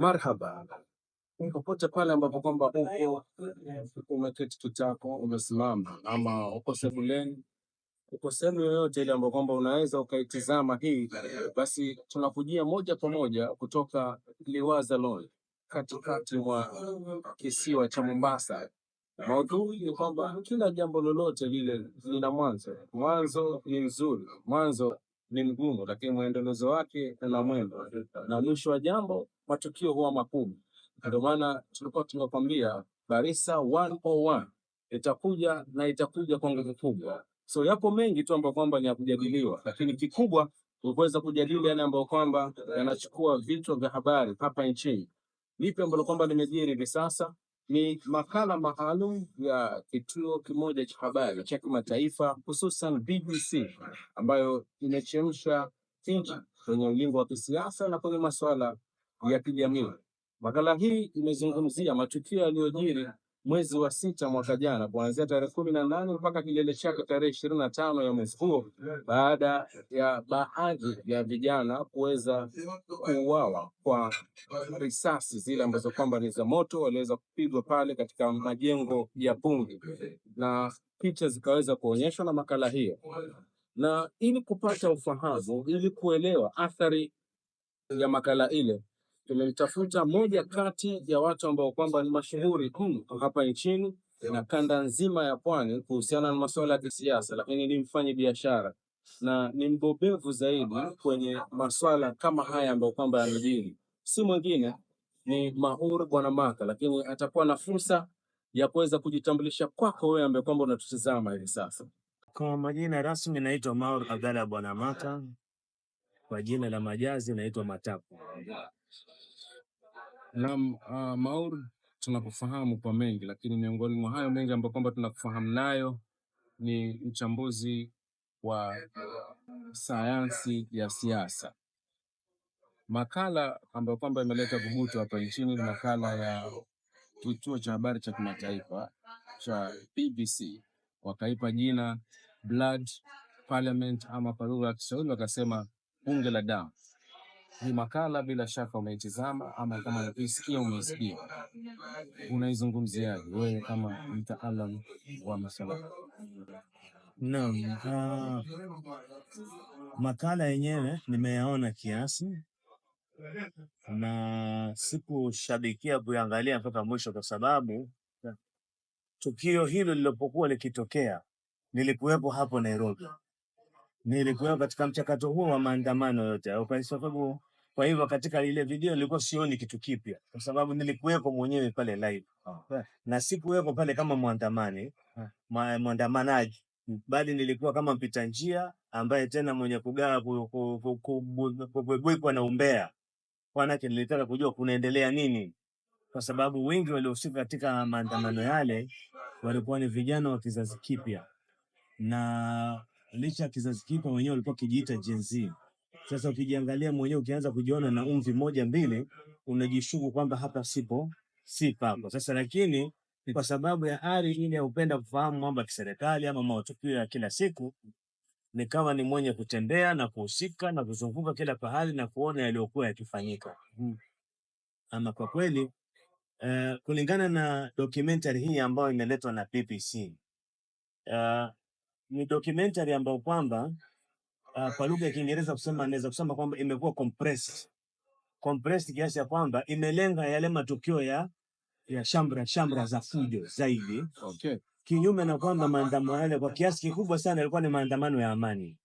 Marhaba popote pale ambapo kwamba uko umeketi tu chako umesimama, ama uko sebuleni, uko sehemu yoyote ile ambapo kwamba unaweza ukaitizama hii, basi tunakujia moja kwa moja kutoka Liwaza Lodge katikati mwa kisiwa cha Mombasa. Maudhui ni kwamba kila jambo lolote lile lina mwanzo. Mwanzo ni nzuri, mwanzo ni mgumu, lakini mwendelezo wake una mwendo, na mwisho wa jambo matukio huwa makubwa. Ndio maana tulikuwa tumekwambia Barisa 101 itakuja na itakuja kwa nguvu kubwa. So yapo mengi tu ambayo kwamba ni ya kujadiliwa, lakini kikubwa kuweza kujadili yale ambayo kwamba yanachukua vichwa vya habari hapa nchini. Nipe ambalo kwamba limejiri hivi sasa ni makala maalum ya kituo kimoja cha habari cha kimataifa hususan BBC ambayo inachemsha nchi kwenye ulingo wa kisiasa na kwenye masuala ya kijamii. Makala hii imezungumzia matukio yaliyojiri mwezi wa sita mwaka jana kuanzia tarehe kumi na nane mpaka kilele chake tarehe ishirini na tano ya mwezi huo, baada ya baadhi ya vijana kuweza kuuawa kwa risasi zile ambazo kwamba ni za moto, waliweza kupigwa pale katika majengo ya Bunge, na picha zikaweza kuonyeshwa na makala hiyo, na ili kupata ufahamu, ili kuelewa athari ya makala ile tumemtafuta moja kati ya watu ambao kwamba ni mashuhuri humu hapa nchini na kanda nzima ya pwani kuhusiana na masuala ya kisiasa, lakini ni mfanyi biashara na ni mbobevu zaidi kwenye masuala kama haya ambayo kwamba yanajiri. Si mwingine ni Maur Bwana Maka, lakini atakuwa na fursa ya kuweza kujitambulisha kwako wewe ambaye kwamba unatutazama hivi sasa. Kwa majina rasmi naitwa Maur Abdalla Bwana Maka, kwa jina la majazi naitwa Matapu. Naam, uh, Maur tunakufahamu kwa mengi, lakini miongoni mwa hayo mengi ambayo kwamba tunakufahamu nayo ni mchambuzi wa sayansi ya siasa. Makala ambayo kwamba imeleta vubutu hapa nchini ni makala ya kituo cha habari cha kimataifa cha BBC, wakaipa jina Blood Parliament, ama kwa lugha ya Kiswahili wakasema bunge la damu. Hii makala bila shaka umeitizama ama kama unaisikia umesikia Unaizungumziaje wewe kama mtaalam wa masuala? Naam, uh, makala yenyewe nimeyaona kiasi na sikushabikia kuangalia mpaka mwisho, kwa sababu tukio hilo lilipokuwa likitokea nilikuwepo hapo Nairobi nilikuwa katika mchakato huo wa maandamano yote au kwa sababu kwa hivyo katika ile video nilikuwa sioni kitu kipya, kwa sababu nilikuwepo mwenyewe pale live oh. na sikuwepo pale kama mwandamani huh. Ah. mwandamanaji bali nilikuwa kama mpita njia ambaye tena mwenye kugawa kubwebwekwa na umbea, kwanake nilitaka kujua kunaendelea nini, kwa sababu wengi waliohusika katika maandamano yale walikuwa ni vijana wa kizazi kipya na licha kizazi kipya wenyewe walikuwa kijiita Gen Z. Sasa ukijiangalia mwenyewe ukianza kujiona na umvi moja mbili, unajishuku kwamba hapa sipo si pako. Sasa lakini kwa sababu ya ari ile ya upenda kufahamu mambo ya kiserikali ama matukio ya kila siku, nikawa ni mwenye kutembea na kuhusika na kuzunguka kila pahali na kuona yaliyokuwa yakifanyika. Hmm. Ama kwa kweli uh, kulingana na documentary hii ambayo imeletwa na BBC uh, eh, ni documentary ambayo kwamba uh, kwa ah, lugha ya Kiingereza kusema eh. naweza kusema kwamba imekuwa compressed compressed kiasi ya kwamba imelenga yale matukio ya ya shamra shamra za fujo zaidi, okay. Kinyume na kwamba maandamano yale kwa kiasi kikubwa sana yalikuwa ni maandamano ya amani,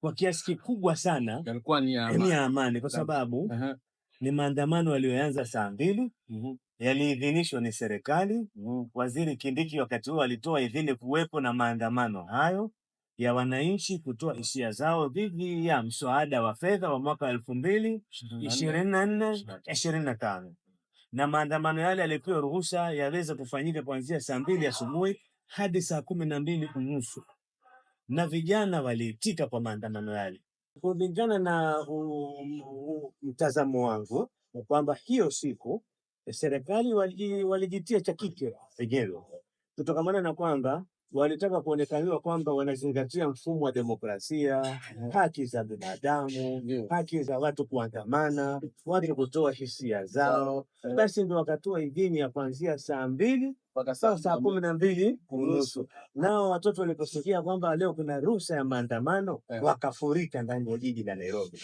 kwa kiasi kikubwa sana yalikuwa ni ya amani, kwa sababu uh -huh. ni maandamano yaliyoanza saa mbili uh mhm. -huh yaliidhinishwa ni serikali. Waziri Kindiki wakati huo alitoa idhini kuwepo na maandamano hayo ya wananchi kutoa hisia zao dhidi ya mswada wa fedha wa mwaka wa elfu mbili ishirini na nne ishirini na tano na maandamano yale yalipewa ruhusa yaweza kufanyika kuanzia saa mbili asubuhi hadi saa kumi na mbili unusu na vijana waliitika kwa maandamano yale. Kulingana na mtazamo wangu kwamba hiyo siku Eh, serikali walijitia cha kike wenyewe kutokamana na kwamba walitaka kuonekaniwa kwamba wanazingatia mfumo wa demokrasia, eh. haki za binadamu, haki za watu kuandamana, watu kutoa hisia zao. Eh. Basi ndio wakatoa idhini ya kuanzia saa mbili mpaka saa kumi na mbili kunusu Nao watoto waliposikia kwamba leo kuna ruhusa ya maandamano, wakafurika ndani ya jiji la Nairobi.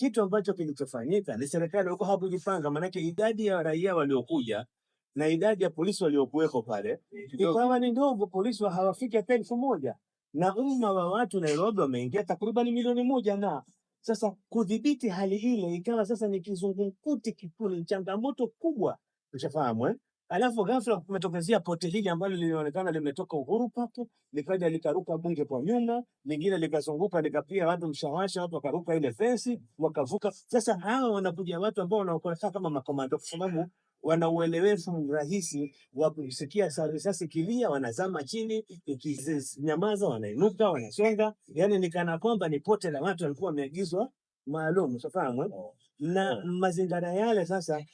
Kitu ambacho kilichofanyika ni serikali walikuwa hawakujipanga, maanake idadi ya raia waliokuja na idadi ya polisi waliokuwepo pale ikawa ni ndogo, polisi hawafiki hata elfu moja na umma wa watu Nairobi wameingia takriban milioni moja na sasa kudhibiti hali ile ikawa sasa ni kizungumkuti kikuu, ni changamoto kubwa, ushafahamu eh? Alafu ghafla kumetokezea pote hili ambalo lilionekana limetoka Uhuru pake likaja likaruka bunge kwa nyuma, lingine likazunguka likapia watu mshawasha, watu wakaruka ile fensi wakavuka. Sasa hawa wanakuja watu ambao wanaokolekaa kama makomando, kwa sababu wana uelewefu rahisi wa kusikia risasi kilia, wanazama chini, ikinyamaza wanainuka, wanasonga. Yani ni kana kwamba ni pote la watu walikuwa wameagizwa maalum usafahamu oh. na oh. mazingira yale sasa,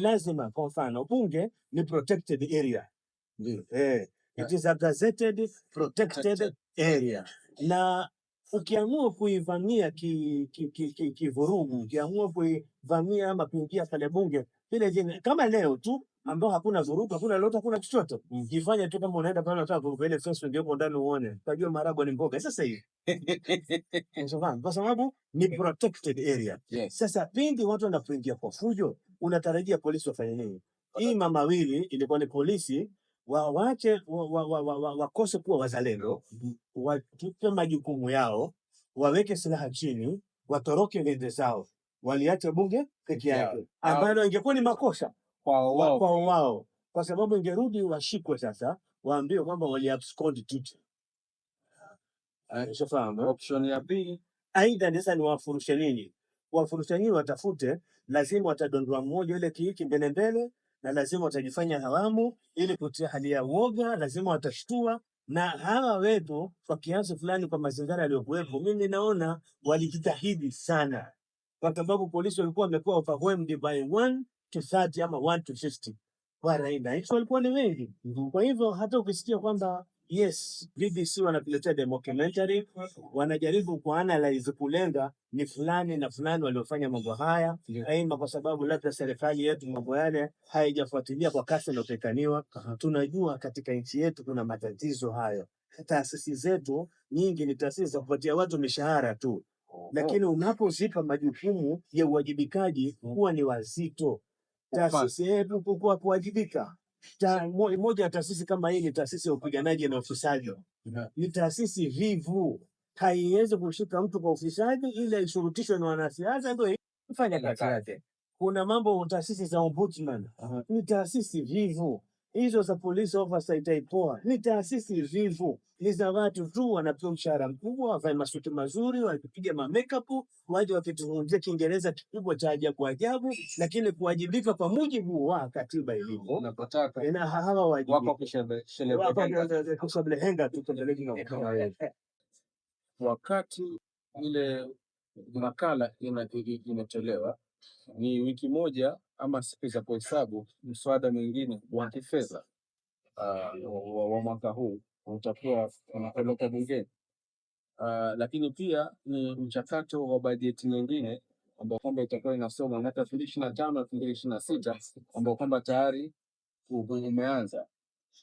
lazima kwa mfano bunge ni protected area, ndio eh, it is a gazetted protected area. Na ukiamua kuivamia kivurugu ki, ki, ki, ki mm. ukiamua kuivamia ama kuingia pale bunge vile vile, kama leo tu ambao hakuna vurugu, hakuna lolote, hakuna chochote, mm. jifanye tu kama unaenda pale, unataka kuupele sasa, ungeko ndani uone, utajua maragwa ni mboga sasa hivi. kwa sababu ni protected area. Yes. Sasa pindi watu wanapoingia kwa fujo, unatarajia polisi wafanye nini? Hii mama wili ilikuwa ni polisi wawache wakose wa, wa, kuwa wazalendo mm Watupe majukumu yao, waweke silaha chini, watoroke nende zao, waliacha bunge peke yake yeah. Ambalo ingekuwa ni makosa kwa wao, kwa, kwa, kwa sababu ingerudi washikwe sasa, waambie kwamba waliabscondi tuti Eh, eh? Option ya B aidha sasa ni wafurushe nini? Wafurushe nini? Watafute, lazima watadondoa mmoja ile kiiki mbele mbele, na lazima watajifanya hawamu ili kutia hali ya uoga, lazima watashtua. Na hawa wetu kwa kiasi fulani, kwa mazingira yaliyokuwepo, mimi naona walijitahidi sana, kwa sababu polisi walikuwa wamekuwa overwhelmed by 1 to 30 ama 1 to 50 kwa walikuwa ni wengi, kwa hivyo hata ukisikia kwamba Yes, BBC wanatuletea documentary, wanajaribu analyze kulenga ni fulani na fulani waliofanya mambo haya yeah. Aima kwa sababu labda serikali yetu mambo yale haijafuatilia kwa kasi -huh. Tunajua katika nchi yetu kuna matatizo hayo. Taasisi zetu nyingi ni taasisi za kupatia watu mishahara tu, lakini unapozipa majukumu ya uwajibikaji huwa ni wazito. Taasisi yetu kukua kuwajibika moja ya taasisi kama hii ni taasisi ya upiganaji na ufisadi. Ni taasisi vivu, haiwezi kushika mtu kwa ufisadi, ili aishurutishwe na wanasiasa ndio ifanye kazi yake. Kuna mambo taasisi za ombudsman uh-huh. ni taasisi vivu, hizo za police officer itaipoa, ni taasisi vivu hizi watu tu wanapewa mshahara mkubwa, wavae masuti mazuri, wakipiga ma makeup, waje wakizungumzia Kiingereza kikubwa cha ajabu ajabu, lakini kuwajibika kwa mujibu wa katiba ilivyo, na hawa wajibika eh, eh, eh. wakati ile makala inatolewa ni wiki moja ama siku za kuhesabu mswada mwingine wa kifedha ah, wa mwaka huu utakuwa unapeleka bungeni. Uh, lakini pia ni mchakato wa bajeti nyingine ambao kwamba itakuwa inasoma mwaka elfu mbili ishirini na tano elfu mbili ishirini na sita ambao kwamba tayari umeanza.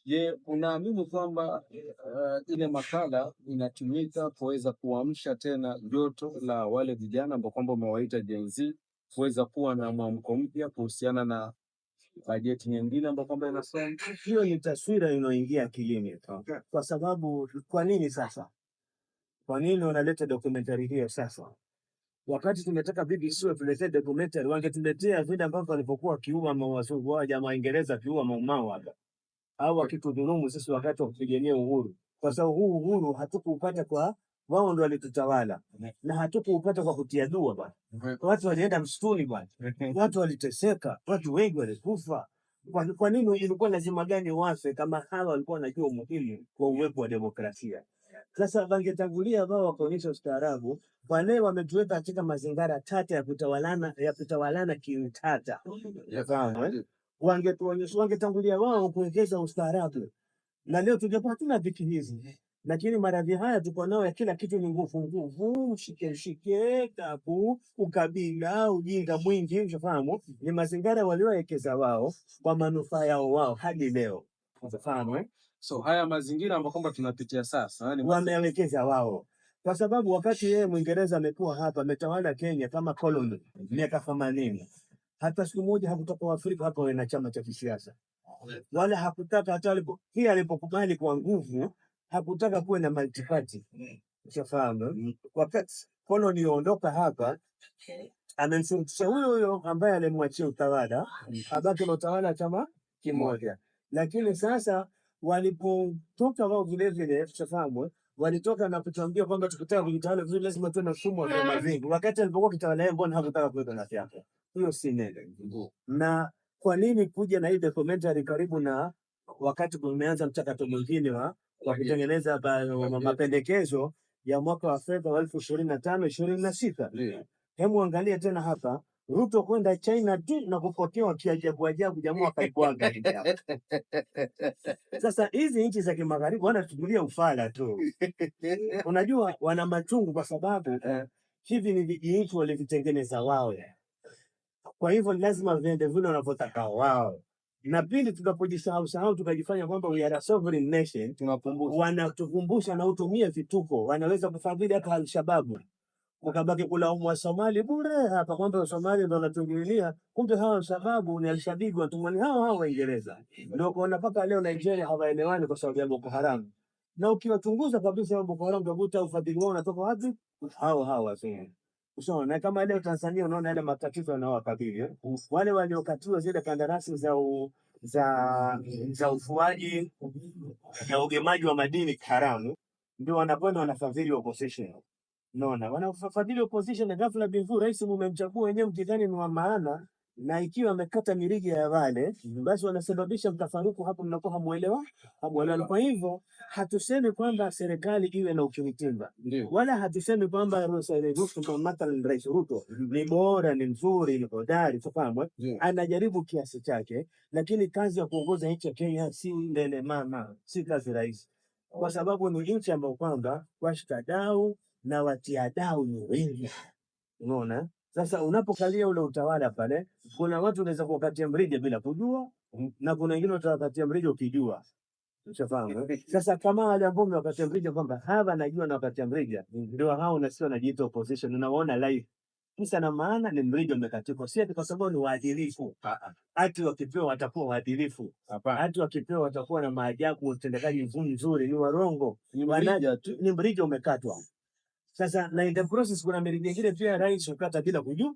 Je, unaamini kwamba uh, ile makala inatumika kuweza kuamsha tena joto la wale vijana ambao kwamba umewaita Gen Z kuweza kuwa na mwamko mpya kuhusiana na bajeti nyingine ambayo kwamba inasema hiyo ni taswira inayoingia akilini, kwa sababu kwa nini sasa, kwa nini wanaleta documentary hiyo sasa? Wakati tumetaka BBC watuletee documentary, wangetuletea vile ambavyo walivyokuwa wakiua mawazungu jamaa Waingereza wakiua maumau hapa, au wakitudhulumu sisi wakati wa kupigania uhuru, kwa sababu huu uhuru hatukuupata kwa wao ndio walitutawala na hatukuupata kwa kutia dua bwana. Watu walienda msituni bwana, watu waliteseka, watu wengi walikufa. Kwa nini? Ilikuwa lazima gani wafe kama hawa walikuwa wanajua umuhimu kwa uwepo wa demokrasia? Sasa wangetangulia wao wakaonyesha ustaarabu. Kwa leo wametuweka katika mazingira tata ya kutawalana, ya kutawalana kiutata. Wangetuonyesha, wangetangulia wao kuongeza ustaarabu, na leo tungekuwa hatuna viki hizi lakini maradhi haya tuko nao ya kila kitu, ni nguvu nguvu, mshike shike, tabu, ukabila, ujinga mwingi, ushafahamu. Ni mazingira waliowekeza wao kwa manufaa yao wao hadi leo, mshafahamu eh? So haya mazingira ambayo kwamba tunapitia sasa ni wamewekeza wao kwa sababu wakati yeye Mwingereza amekuwa hapa ametawala Kenya kama koloni miaka themanini, hata siku moja hakutaka Afrika hapa na chama cha kisiasa, wala hakutaka hata alipo, hii alipokubali kwa nguvu hakutaka kuwe na multiparty. mm. Ushafahamu? mm. Wakati koloni ondoka hapa okay. amemshurutisha huyo huyo ambaye alimwachia utawala mm. abaki na utawala chama kimoja, mm. lakini sasa walipotoka wao vilevile, ushafahamu walitoka na kutuambia kwamba tukitaka kujitawala vizuri lazima tuwe na mfumo wa vyama vingi, wakati alipokuwa kitawala yeye, mbona hakutaka kuweka na vyama? Hiyo si nene Na kwa nini kuja na hii documentary karibu na wakati kumeanza mchakato mwingine wa wakitengeneza hapa mapendekezo ya mwaka wa fedha wa elfu ishirini na tano ishirini na sita. Hebu angalia tena hapa Ruto kwenda China tu na kupokewa kiajabu ajabu, jamaa akaibwaga. Sasa hizi nchi za kimagharibi wanatugulia ufala tu, unajua wana machungu, kwa sababu eh. hivi ni vijinchi walivitengeneza wao, kwa hivyo lazima viende vile wanavyotaka wao na pindi tunapojisahau sahau tukajifanya kwamba we are a sovereign nation, wanatukumbusha na utumia vituko, wanaweza kufadhili hata Alshababu ukabaki kulaumu Wasomali bure hapa kwamba Wasomali ndo wanatuingililia, kumbe hawa sababu ni Alshabibu watumani hao hao Waingereza. ndo kuona mpaka leo Nigeria hawaelewani kwa sababu ya Boko Haram, na ukiwachunguza kabisa Boko Haram utakuta ufadhili wao unatoka wapi? hao hao wasomali na kama leo Tanzania unaona yale matatizo yanayowakabili eh? wale waliokatiwa zile kandarasi za u, za za ufuaji na ugemaji wa madini haramu, ndio wanakwenda wanafadhili opposition. Unaona, wanafadhili opposition na ghafla bin Rais mumemchagua wenyewe mkidhani ni wa maana, na ikiwa amekata mirija ya wale basi wanasababisha mtafaruku hapo, mnakuwa hamuelewa hamuelewana. Kwa hivyo hatusemi kwamba serikali iwe na ukimwi wala hatusemi kwamba mathalan Rais Ruto mm-hmm. ni bora, ni mzuri, ni hodari, tufahamu anajaribu kiasi chake, lakini kazi ya kuongoza nchi ya Kenya si ndene mama, si kazi rahisi, kwa sababu ni nchi ambayo kwamba washikadau na watiadau ni wengi, unaona sasa unapokalia ule utawala pale, kuna watu unaweza kuwakatia mrija bila kujua, na kuna wengine utawakatia mrija ukijua. Ushafahamu? Eh? Sasa kama wale ambao umewakatia mrija kwamba hawa najua na wakatia mrija, ndio hao na sio wanajiita opposition, unaona live. Kisa na maana ni mrija umekatikwa, si ati kwa sababu ni waadilifu. Ati wakipewa watakuwa waadilifu. Ati wakipewa watakuwa na maajabu, utendekaji mzuri, ni warongo. Ni mrija umekatwa. Sasa na in the process kuna mirija nyingine pia rais ukata bila kujua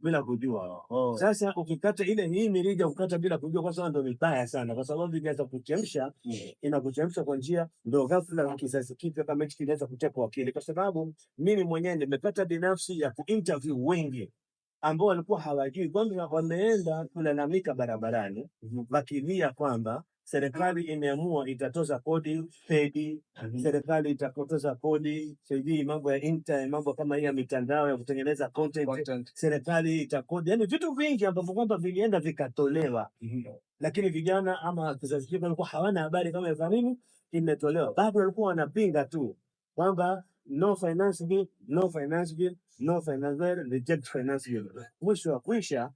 bila kujua. Oh. Sasa ukikata ile hii mirija ukata bila kujua kwa sababu ndio mbaya sana kwa sababu inaweza kuchemsha mm. inakuchemsha kwa njia ndio ghafla kizazi kipya kama hichi kinaweza kutekwa akili kwa sababu mimi mwenyewe nimepata binafsi ya kuinterview wengi ambao walikuwa hawajui kwamba wameenda kulalamika barabarani mm-hmm. wakilia mm -hmm. kwamba serikali imeamua itatoza kodi pedi, mhm. serikali itakotoza kodi, sijui mambo ya internet mambo kama hii ya mitandao ya kutengeneza content, content. Serikali itakodi, yani vitu vingi ambavyo kwamba vilienda vikatolewa mm -hmm. Lakini vijana ama kizazi kipya walikuwa hawana habari kama hizo, nini imetolewa, bado walikuwa wanapinga tu kwamba no finance bill, no finance bill, no finance bill, reject finance bill. Mwisho wa kuisha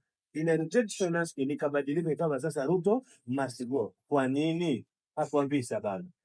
linabadilika ikawa sasa Ruto must go. Kwa nini? Hakuambii sababu.